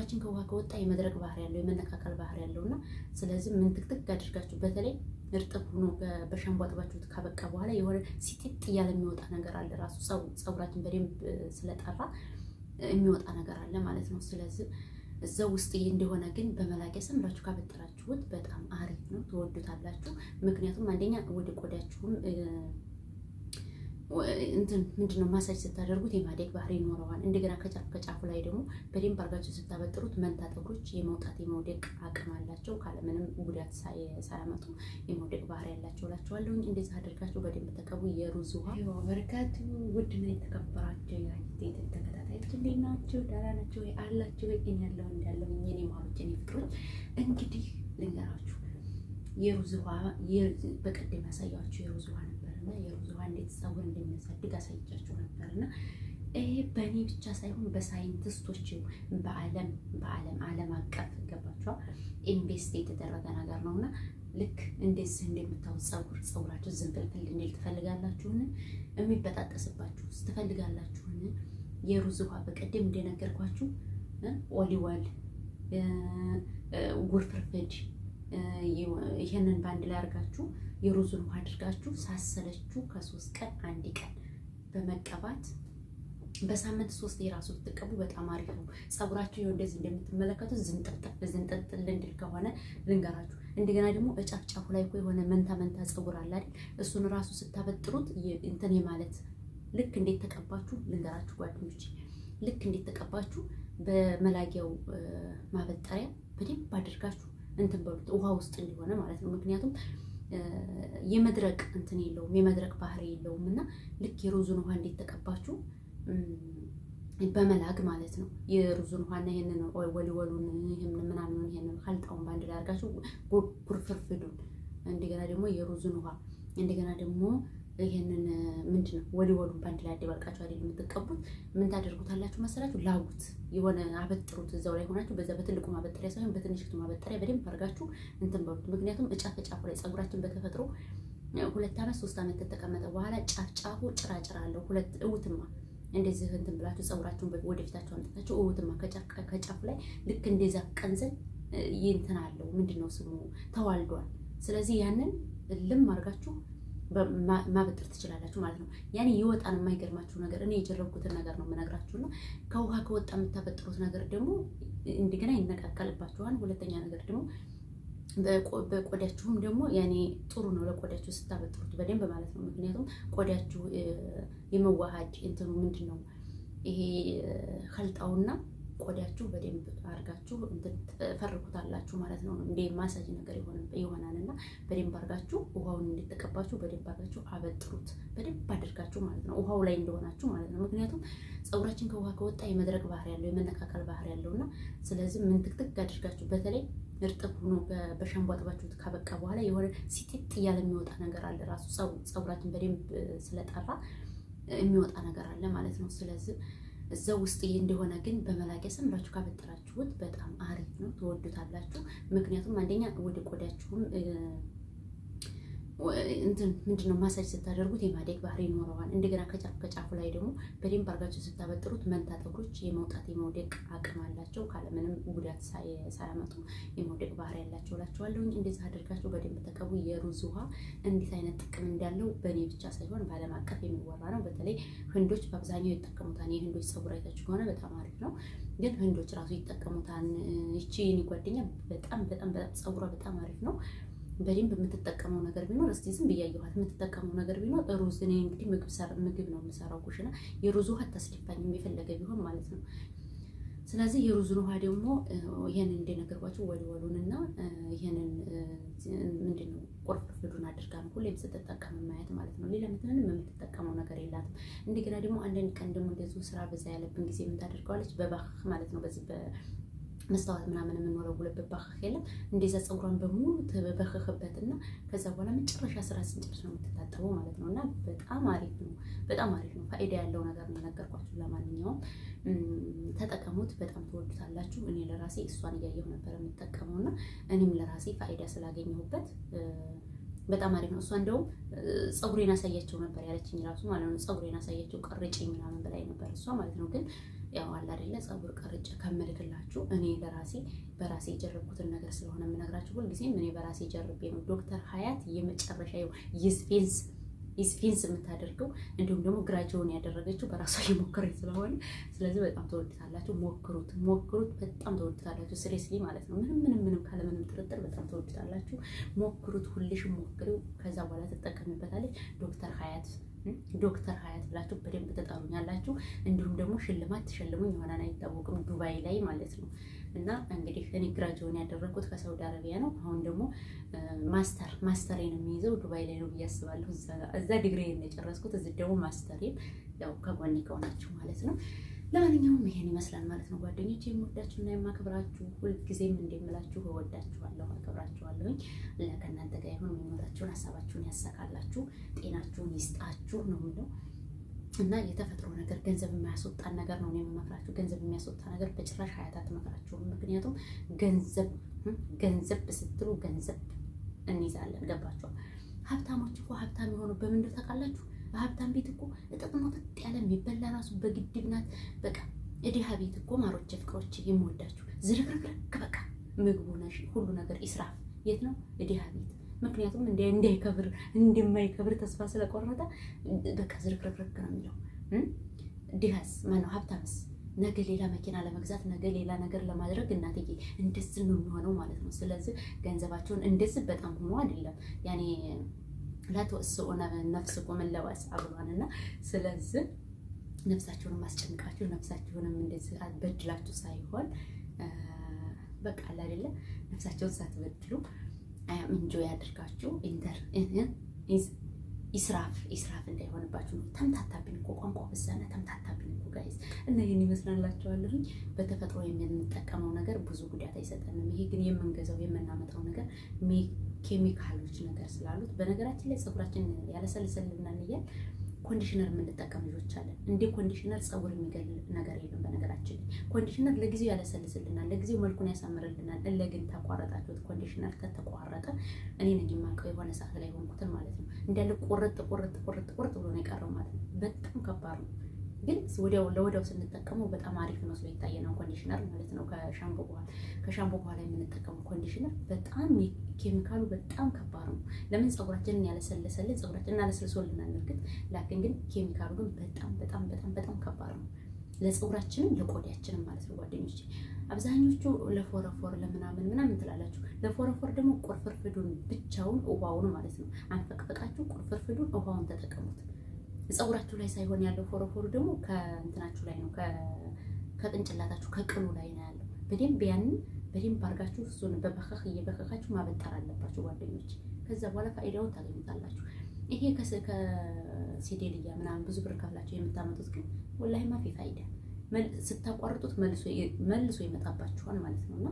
ጸጉራችን ከውሃ ከወጣ የመድረቅ ባህሪ ያለው የመነካከል ባህሪ ያለው እና ስለዚህ ምን ትክትክ አድርጋችሁ በተለይ እርጥብ ሆኖ በሻምቧ አጥባችሁት ካበቃ በኋላ የሆነ ሲጥጥ እያለ የሚወጣ ነገር አለ። ራሱ ፀጉራችን በደንብ ስለጠራ የሚወጣ ነገር አለ ማለት ነው። ስለዚህ እዛ ውስጥ እንደሆነ ግን በመላቂያ ሰምራችሁ ካበጠራችሁት በጣም አሪፍ ነው፣ ትወዱታላችሁ። ምክንያቱም አንደኛ ወደ ቆዳችሁም እንትን ምንድነው ማሳጅ ስታደርጉት የማደግ ባህሪ ይኖረዋል። እንደገና ከጫፍ ከጫፉ ላይ ደግሞ በደንብ አርጋቸው ስታበጥሩት መንታ ጠጉሮች የመውጣት የመውደቅ አቅም አላቸው። ካለምንም ጉዳት ሳያመጡ የመውደቅ ባህሪ ያላቸው እላቸዋለሁ። እንደዚህ አድርጋቸው በደንብ ተቀቡ። የሩዝ ውሃ በረከቱ ውድና የተከበራቸው የዩቲዩብ ተከታታዮች እንዴት ናቸው? ደህና ናቸው ወይ አላቸው ወይ? እኔ ያለው እንዳለው የኔ ማሮች የኔ ፍቅሮች እንግዲህ ልንገራችሁ የሩዝ ውሃ በቀደም ያሳያችሁ የሩዝ ውሃ ነበር እና የሩዝ ውሃ እንዴት ፀጉር እንደሚያሳድግ አሳይቻችሁ ነበር እና ይሄ በእኔ ብቻ ሳይሆን በሳይንቲስቶች በዓለም በዓለም ዓለም አቀፍ ገባችኋል ኢንቨስት የተደረገ ነገር ነው እና ልክ እንደዚህ እንደምታዩት ፀጉር ፀጉራችሁ ዝንፍልፍል እንዲል ትፈልጋላችሁን? የሚበጣጠስባችሁ ትፈልጋላችሁን? የሩዝ ውሃ በቀደም እንደነገርኳችሁ ወሊወል ጉርፍርፍድ ይህንን በአንድ ላይ አድርጋችሁ የሩዙን ውሃ አድርጋችሁ ሳሰለችሁ ከሶስት ቀን አንድ ቀን በመቀባት በሳምንት ሶስት የራሱ ብትቀቡ በጣም አሪፍ ነው። ፀጉራችሁ እንደዚህ እንደምትመለከቱት ዝንጥጥ ልንድል ከሆነ ልንገራችሁ። እንደገና ደግሞ እጫፍጫፉ ላይ እኮ የሆነ መንታ መንታ ፀጉር አለ አይደል? እሱን ራሱ ስታበጥሩት እንትን ማለት ልክ እንዴት ተቀባችሁ ልንገራችሁ ጓደኞች፣ ልክ እንዴት ተቀባችሁ በመላጊያው ማበጠሪያ በደንብ አድርጋችሁ እንትን በሉት ውሃ ውስጥ እንዲሆነ ማለት ነው። ምክንያቱም የመድረቅ እንትን የለውም የመድረቅ ባህሪ የለውም እና ልክ የሩዙን ውሃ እንዴት ተቀባችሁ በመላግ ማለት ነው። የሩዙን ውሃና ይህንን ወሊወሉን ይህምን ምናምን ይህንን ካልጣውን በአንድ ላይ አድርጋችሁ ጉርፍርፍዱን እንደገና ደግሞ የሩዙን ውሃ እንደገና ደግሞ ይህንን ምንድን ነው ወደ ወዱ በአንድ ላይ አደባልቃችሁ አይደል የምትቀቡት? ምን ታደርጉታላችሁ መሰላችሁ? ላጉት የሆነ አበጥሩት፣ እዛው ላይ ሆናችሁ በዛ በትልቁ ማበጠሪያ ሳይሆን በትንሽቱ ማበጠሪያ በደንብ አድርጋችሁ እንትን በሉት። ምክንያቱም እጫፍ ተጫፉ ላይ ጸጉራችን በተፈጥሮ ሁለት ዓመት ሶስት ዓመት ከተቀመጠ በኋላ ጫፍ ጫፉ ጭራጭር አለው። ሁለት እውትማ እንደዚህ እንትን ብላችሁ ጸጉራችሁን ወደፊታችሁ አምጥታችሁ እውትማ ከጫፉ ላይ ልክ እንደዛ ቀንዘን ይንትን አለው ምንድን ነው ስሙ ተዋልዷል። ስለዚህ ያንን ልም አድርጋችሁ ማበጥር ትችላላችሁ ማለት ነው። ያኔ ይወጣን የማይገርማችሁ ነገር እኔ የጀረብኩትን ነገር ነው የምነግራችሁና ከውሃ ከወጣ የምታበጥሩት ነገር ደግሞ እንደገና ይነቃቀልባችኋል። ሁለተኛ ነገር ደግሞ በቆዳችሁም ደግሞ ያኔ ጥሩ ነው ለቆዳችሁ ስታበጥሩት በደንብ ማለት ነው። ምክንያቱም ቆዳችሁ የመዋሃድ እንትኑ ምንድን ነው ይሄ ከልጣውና ቆዳችሁ በደንብ አድርጋችሁ ፈርኩታላችሁ ማለት ነው። እንደ ማሳጅ ነገር ይሆናል። በደንብ አድርጋችሁ ውሃውን እንድትቀባችሁ በደንብ አድርጋችሁ አበጥሩት። በደንብ አድርጋችሁ ማለት ነው ውሃው ላይ እንደሆናችሁ ማለት ነው። ምክንያቱም ፀጉራችን ከውሃ ከወጣ የመድረቅ ባህር ያለው የመነቃቀል ባህር ያለው እና ስለዚህ ምን ትክትክ አድርጋችሁ በተለይ እርጥብ ሆኖ በሻምቧ አጥባችሁት ካበቃ በኋላ የሆነ ሲጥጥ እያለ የሚወጣ ነገር አለ። ራሱ ፀጉራችን በደንብ ስለጠራ የሚወጣ ነገር አለ ማለት ነው። ስለዚህ እዛው ውስጥ ይሄ እንደሆነ ግን በመላቂያ ሰምራችሁ ካበጠራችሁት በጣም አሪፍ ነው፣ ትወዱታላችሁ። ምክንያቱም አንደኛ ወደ ቆዳችሁም ምንድነው ማሳጅ ስታደርጉት የማደግ ባህሪ ይኖረዋል። እንደገና ከጫፍ ከጫፉ ላይ ደግሞ በደንብ አድርጋችሁ ስታበጥሩት መንታ ጠጉሮች የመውጣት የመውደቅ አቅም አላቸው። ካለምንም ጉዳት ሳያመጡ የመውደቅ ባህሪ ያላቸው እላቸዋለሁ። እንደዚህ አድርጋችሁ በደንብ ተቀቡ። የሩዝ ውሃ እንዴት አይነት ጥቅም እንዳለው በእኔ ብቻ ሳይሆን በዓለም አቀፍ የሚወራ ነው። በተለይ ህንዶች በአብዛኛው ይጠቀሙታል። የህንዶች ፀጉር አይታችሁ ከሆነ በጣም አሪፍ ነው፣ ግን ህንዶች ራሱ ይጠቀሙታል። ይቺ ጓደኛ በጣም በጣም በጣም ፀጉሯ በጣም አሪፍ ነው። በደንብ የምትጠቀመው ነገር ቢኖር እስቲ ዝም ብያየኋት የምትጠቀመው ነገር ቢኖር ሩዝ። እኔ እንግዲህ ምግብ ነው የምሰራው ኩሽና፣ የሩዝ ውሃ ታስደፋኝ የፈለገ ቢሆን ማለት ነው። ስለዚህ የሩዙን ውሃ ደግሞ ይህንን እንደነገርኳቸው ወልወሉንና ይህንን ምንድን ነው ቁርፍርፍዱን አድርጋ ነው ሁሌም ስትጠቀም ማየት ማለት ነው። ሌላ ምትንንም የምትጠቀመው ነገር የላትም። እንደገና ደግሞ አንዳንድ ቀን ደግሞ እንደዚሁ ስራ በዛ ያለብን ጊዜ የምታደርገዋለች በባህ ማለት ነው በዚህ መስታወት ምናምን የምንወለውልበት ባክህ የለም። እንደዛ ፀጉሯን በሙሉ ተበበክክበት እና ከዛ በኋላ መጨረሻ ስራ ስንጨርስ ነው የምትታጠበው ማለት ነው። እና በጣም አሪፍ ነው፣ በጣም አሪፍ ነው። ፋይዳ ያለው ነገር ነው ነገርኳችሁ። ለማንኛውም ተጠቀሙት፣ በጣም ትወዱታላችሁ። እኔ ለራሴ እሷን እያየሁ ነበር የምጠቀመው እና እኔም ለራሴ ፋይዳ ስላገኘሁበት በጣም አሪፍ ነው። እሷ እንደውም ፀጉሬን አሳያቸው ነበር ያለችኝ ራሱ ማለት ነው። ፀጉሬን አሳያቸው ቀርጭኝ ምናምን ብላኝ ነበር እሷ ማለት ነው ግን ያው አለ አይደለ ፀጉር ቀርጬ ከምልክላችሁ እኔ በራሴ በራሴ የጀረብኩትን ነገር ስለሆነ የምነግራችሁ ሁልጊዜም እኔ በራሴ ጀርቤ ነው። ዶክተር ሀያት የመጨረሻ ይዝፌንስ ኢስፌንስ የምታደርገው እንዲሁም ደግሞ ግራጅውን ያደረገችው በራሷ የሞከረች ስለሆነ ስለዚህ በጣም ተወድታላችሁ። ሞክሩት ሞክሩት፣ በጣም ተወድታላችሁ። ስሬስሊ ማለት ነው። ምንም ምንም ምንም ካለምንም ጥርጥር በጣም ተወድታላችሁ። ሞክሩት፣ ሁልሽ ሞክሪው። ከዛ በኋላ ትጠቀሚበታለች ዶክተር ሀያት ዶክተር ሀያት ብላችሁ በደንብ ተጠሩኛላችሁ። እንዲሁም ደግሞ ሽልማት ተሸልሙኝ ይሆናል አይታወቅም፣ ዱባይ ላይ ማለት ነው። እና እንግዲህ እኔ ግራጅውን ያደረግኩት ከሳውዲ አረቢያ ነው። አሁን ደግሞ ማስተር ማስተሬን የሚይዘው ዱባይ ላይ ነው ብዬ አስባለሁ። እዛ ዲግሪ የጨረስኩት እዚህ ደግሞ ማስተሬን ያው ከጎኔ ከሆናችሁ ማለት ነው። ለማንኛውም ይሄን ይመስላል ማለት ነው ጓደኞች፣ የምወዳችሁ እና የማከብራችሁ ሁልጊዜም እንደምላችሁ እወዳችኋለሁ፣ አከብራችኋለሁኝ። ሌላ ከእናንተ ጋር ይሁን የሚኖራችሁን ሀሳባችሁን ያሳካላችሁ፣ ጤናችሁን ይስጣችሁ ነው የምለው እና የተፈጥሮ ነገር ገንዘብ የማያስወጣን ነገር ነው የምመክራችሁ። ገንዘብ የሚያስወጣ ነገር በጭራሽ ሀያት አትመክራችሁም። ምክንያቱም ገንዘብ ገንዘብ ስትሉ ገንዘብ እንይዛለን። ገባችኋል? ሀብታሞች እኮ ሀብታም የሆኑ በምንድን ታውቃላችሁ? በሀብታም ቤት እኮ እጥቅሞ ጥጥ ያለ የሚበላ ራሱ በግድብ ናት። በቃ እድሃ ቤት እኮ ማሮች፣ ፍቅሮቼ የምወዳችሁ ዝርክርክርክ በቃ ምግቡ ነሽ ሁሉ ነገር ይስራፍ የት ነው እድሃ ቤት። ምክንያቱም እንደ እንዳይከብር እንደማይከብር ተስፋ ስለቆረጠ በቃ ዝርክርክርክ ነው የሚለው። ድሃስ ማነው ሀብታምስ ነገ ሌላ መኪና ለመግዛት ነገ ሌላ ነገር ለማድረግ እናትዬ እንደዚህ ነው የሚሆነው ማለት ነው። ስለዚህ ገንዘባቸውን እንደዚህ በጣም ሆኖ አይደለም ያኔ ላትወስኡ ነፍስኩም እለ ወአስዓ ብሏልና ስለዚህ ነፍሳችሁንም አስጨንቃችሁ ነፍሳችሁንም እንደዚህ በድላችሁ ሳይሆን በቃ አለ አይደለ ነፍሳችሁን ሳትበድሉ እንጆ ያደርጋችሁ ኢንተር ኢስራፍ ኢስራፍ እንዳይሆንባችሁ ነው። ተምታታብን እኮ ቋንቋ በዛና ተምታታብን እኮ ጋይዝ እና ይህን ይመስላላችኋለሁኝ። በተፈጥሮ የምንጠቀመው ነገር ብዙ ጉዳት አይሰጠንም። ይሄ ግን የምንገዛው የምናመጣው ነገር ኬሚካሎች ነገር ስላሉት በነገራችን ላይ ጸጉራችን ያለሰልሰልናል እያል ኮንዲሽነር የምንጠቀም ልጆች አለን። እንደ ኮንዲሽነር ፀጉር የሚገል ነገር የለም። በነገራችን ኮንዲሽነር ለጊዜው ያለሰልስልናል፣ ለጊዜው መልኩን ያሳምርልናል። እለግን ታቋረጣችሁት ኮንዲሽነር ከተቋረጠ እኔ ነኝ የማውቀው የሆነ ሰዓት ላይ ሆንኩትን ማለት ነው እንዳለ ቁርጥ ቁርጥ ቁርጥ ቁርጥ ብሎ ነው የቀረው ማለት ነው። በጣም ከባድ ነው። ግን ወዲያው ለወዲያው ስንጠቀመው በጣም አሪፍ መስሎ ይታየናል። ኮንዲሽነር ማለት ነው። ከሻምፖ በኋላ ከሻምፖ በኋላ የምንጠቀመው ኮንዲሽነር በጣም ኬሚካሉ በጣም ከባድ ነው። ለምን ፀጉራችንን ያለሰለሰልን ፀጉራችንን ያለሰልሶልናል። እርግጥ ላክን ግን ኬሚካሉ ግን በጣም በጣም በጣም በጣም ከባድ ነው። ለፀጉራችንም ለቆዳችንም ማለት ነው ጓደኞች። አብዛኞቹ ለፎረፎር ለምናምን ምናምን ትላላችሁ። ለፎረፎር ደግሞ ቁርፍርፍዱን ብቻውን ውሃውን ማለት ነው አንፈቅፈቃችሁ ቁርፍርፍዱን ውሃውን ተጠቀሙት። ጸጉራችሁ ላይ ሳይሆን ያለው ፎረፎሩ ደግሞ ከእንትናችሁ ላይ ነው፣ ከቅንጭላታችሁ ከቅሉ ላይ ነው ያለው። በደንብ ያንን በደንብ አድርጋችሁ እሱን በበከክ እየበከካችሁ ማበጠር አለባችሁ ጓደኞች። ከዛ በኋላ ፋይዳውን ታገኙታላችሁ። ይሄ ከሴዴልያ ምናምን ብዙ ብር ከፍላችሁ የምታመጡት ግን ወላሂ ማፊ ፋይዳ፣ ስታቋርጡት መልሶ ይመጣባችኋል ማለት ነው እና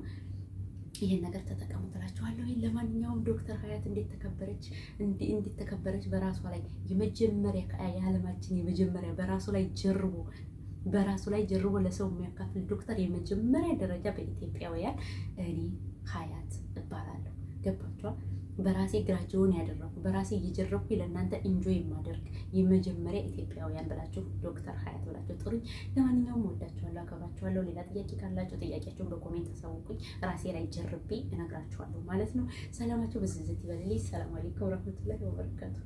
ይሄን ነገር ተጠቀሙ ትላችኋለሁ። ለማንኛውም ዶክተር ሀያት እንዴት ተከበረች እንዴት ተከበረች በራሷ ላይ የመጀመሪያ የዓለማችን የመጀመሪያ በራሱ ላይ ጀርቦ በራሱ ላይ ጀርቦ ለሰው የሚያካፍል ዶክተር የመጀመሪያ ደረጃ በኢትዮጵያውያን እኔ ሀያት እባላለሁ። ገባችኋል? በራሴ ግራጅውን ያደረኩ በራሴ እየጀረኩ ለእናንተ ኢንጆይ የማደርግ የመጀመሪያ ኢትዮጵያውያን ብላችሁ ዶክተር ሀያት ብላችሁ ጥሩኝ። ለማንኛውም ወዳችኋለሁ፣ አከብራችኋለሁ። ሌላ ጥያቄ ካላችሁ ጥያቄያችሁን በኮሜንት አሳውቁኝ። ራሴ ላይ ጀርቤ እነግራችኋለሁ ማለት ነው። ሰላማችሁ በዝዝት ይበልልኝ። ሰላም አለይኩም ረህመቱላሂ ወበረካቱ።